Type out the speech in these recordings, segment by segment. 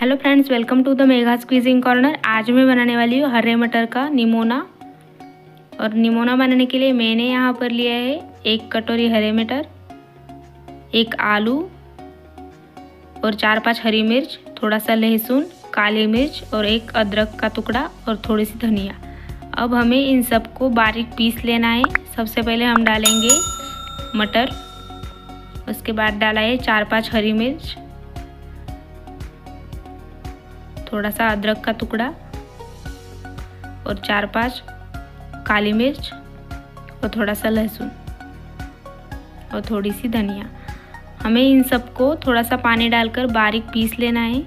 hello friends welcome to the Megha squeezing corner आज मैं बनाने वाली हूँ हरे मटर का निमोना और निमोना बनाने के लिए मैंने यहाँ पर लिया है एक कटोरी हरे मटर एक आलू और चार पांच हरी मिर्च थोड़ा सा लहसुन काली मिर्च और एक अदरक का टुकड़ा और थोड़ी सी धनिया अब हमें इन सबको बारीक पीस लेना है सबसे पहले हम डालेंगे मटर उसके बाद डाला है चार पाँच हरी मिर्च थोड़ा सा अदरक का टुकड़ा और चार पांच काली मिर्च और थोड़ा सा लहसुन और थोड़ी सी धनिया हमें इन सबको थोड़ा सा पानी डालकर बारीक पीस लेना है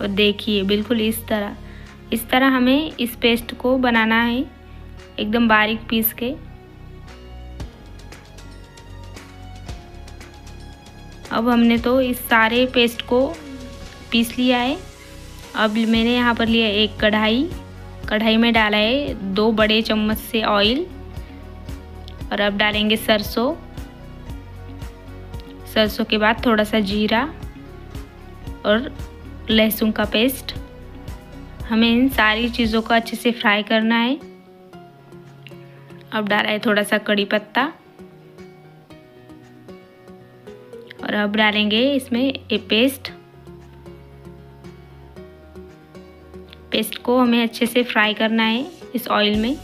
और देखिए बिल्कुल इस तरह इस तरह हमें इस पेस्ट को बनाना है एकदम बारीक पीस के अब हमने तो इस सारे पेस्ट को पीस लिया है अब मैंने यहाँ पर लिया एक कढ़ाई कढ़ाई में डाला है दो बड़े चम्मच से ऑयल और अब डालेंगे सरसों सरसों के बाद थोड़ा सा जीरा और लहसुन का पेस्ट हमें इन सारी चीज़ों को अच्छे से फ्राई करना है अब डाला है थोड़ा सा कड़ी पत्ता और अब डालेंगे इसमें ये पेस्ट पेस्ट को हमें अच्छे से फ्राई करना है इस ऑयल में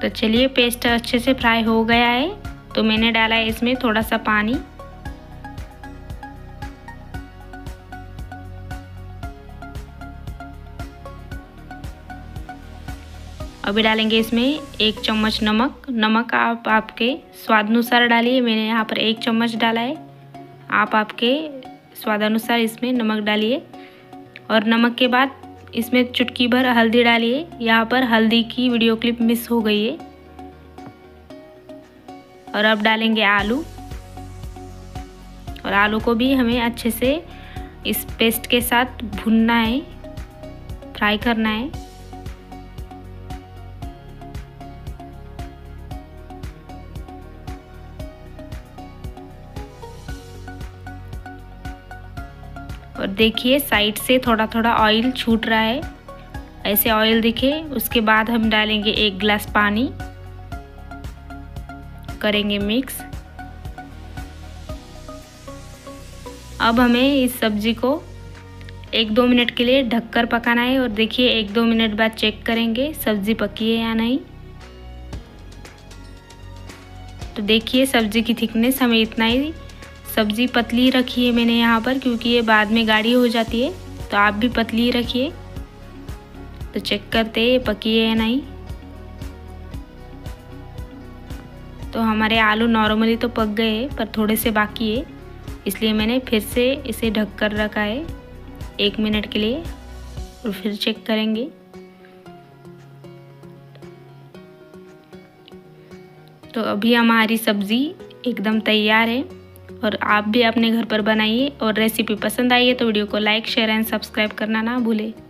तो चलिए पेस्ट अच्छे से फ्राई हो गया है तो मैंने डाला है इसमें थोड़ा सा पानी अभी डालेंगे इसमें एक चम्मच नमक नमक आप आपके स्वाद अनुसार डालिए मैंने यहाँ पर एक चम्मच डाला है आप आपके स्वाद अनुसार इसमें नमक डालिए और नमक के बाद इसमें चुटकी भर हल्दी डालिए यहाँ पर हल्दी की वीडियो क्लिप मिस हो गई है और अब डालेंगे आलू और आलू को भी हमें अच्छे से इस पेस्ट के साथ भुनना है फ्राई करना है और देखिए साइड से थोड़ा थोड़ा ऑयल छूट रहा है ऐसे ऑयल दिखे उसके बाद हम डालेंगे एक गिलास पानी करेंगे मिक्स अब हमें इस सब्जी को एक दो मिनट के लिए ढककर पकाना है और देखिए एक दो मिनट बाद चेक करेंगे सब्ज़ी पकी है या नहीं तो देखिए सब्ज़ी की थिकनेस हमें इतना ही सब्ज़ी पतली रखी है मैंने यहाँ पर क्योंकि ये बाद में गाढ़ी हो जाती है तो आप भी पतली रखिए तो चेक करते पकी है या नहीं तो हमारे आलू नॉर्मली तो पक गए पर थोड़े से बाकी है इसलिए मैंने फिर से इसे ढक कर रखा है एक मिनट के लिए और फिर चेक करेंगे तो अभी हमारी सब्ज़ी एकदम तैयार है और आप भी अपने घर पर बनाइए और रेसिपी पसंद आई है तो वीडियो को लाइक शेयर एंड सब्सक्राइब करना ना भूलें